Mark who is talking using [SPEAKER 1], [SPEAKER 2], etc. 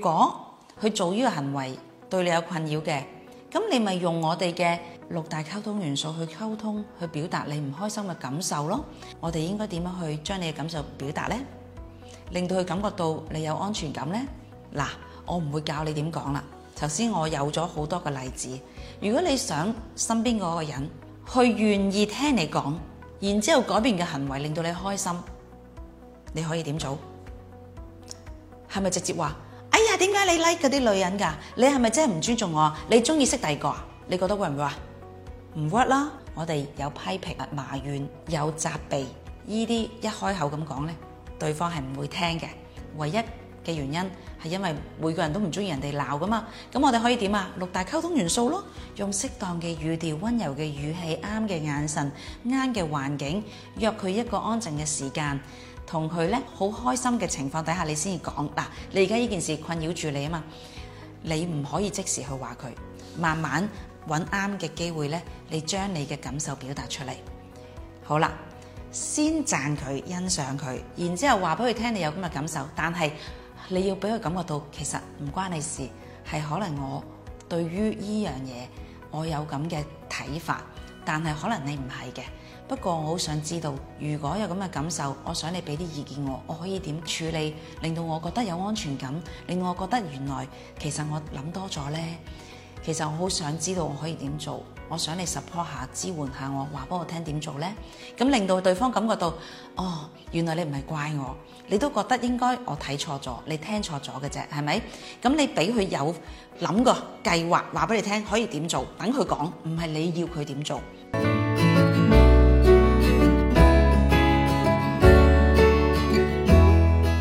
[SPEAKER 1] 如果佢做呢個行為對你有困擾嘅，咁你咪用我哋嘅六大溝通元素去溝通，去表達你唔開心嘅感受咯。我哋應該點樣去將你嘅感受表達呢？令到佢感覺到你有安全感呢？嗱，我唔會教你點講啦。頭先我有咗好多個例子，如果你想身邊嗰個人去願意聽你講，然之後改變嘅行為令到你開心，你可以點做？係咪直接話？點解你 like 嗰啲女人噶？你係咪真係唔尊重我？你中意識第二個啊？你覺得會唔會話唔屈啦？我哋有批評、埋怨、有責備，依啲一開口咁講呢，對方係唔會聽嘅。唯一嘅原因係因為每個人都唔中意人哋鬧噶嘛。咁我哋可以點啊？六大溝通元素咯，用適當嘅語調、温柔嘅語氣、啱嘅眼神、啱嘅環境，約佢一個安靜嘅時間。同佢咧，好開心嘅情況底下你、啊，你先至講，嗱，你而家呢件事困擾住你啊嘛，你唔可以即時去話佢，慢慢揾啱嘅機會咧，你將你嘅感受表達出嚟。好啦，先讚佢、欣賞佢，然之後話俾佢聽你有咁嘅感受，但係你要俾佢感覺到其實唔關你事，係可能我對於依樣嘢我有咁嘅睇法。但係可能你唔係嘅，不過我好想知道，如果有咁嘅感受，我想你俾啲意見我，我可以點處理，令到我覺得有安全感，令我覺得原來其實我諗多咗呢。其實我好想知道我可以點做，我想你 support 下支援下我，話俾我聽點做咧，咁令到對方感覺到哦，原來你唔係怪我，你都覺得應該我睇錯咗，你聽錯咗嘅啫，係咪？咁你俾佢有諗個計劃，話俾你聽可以點做，等佢講，唔係你要佢點做。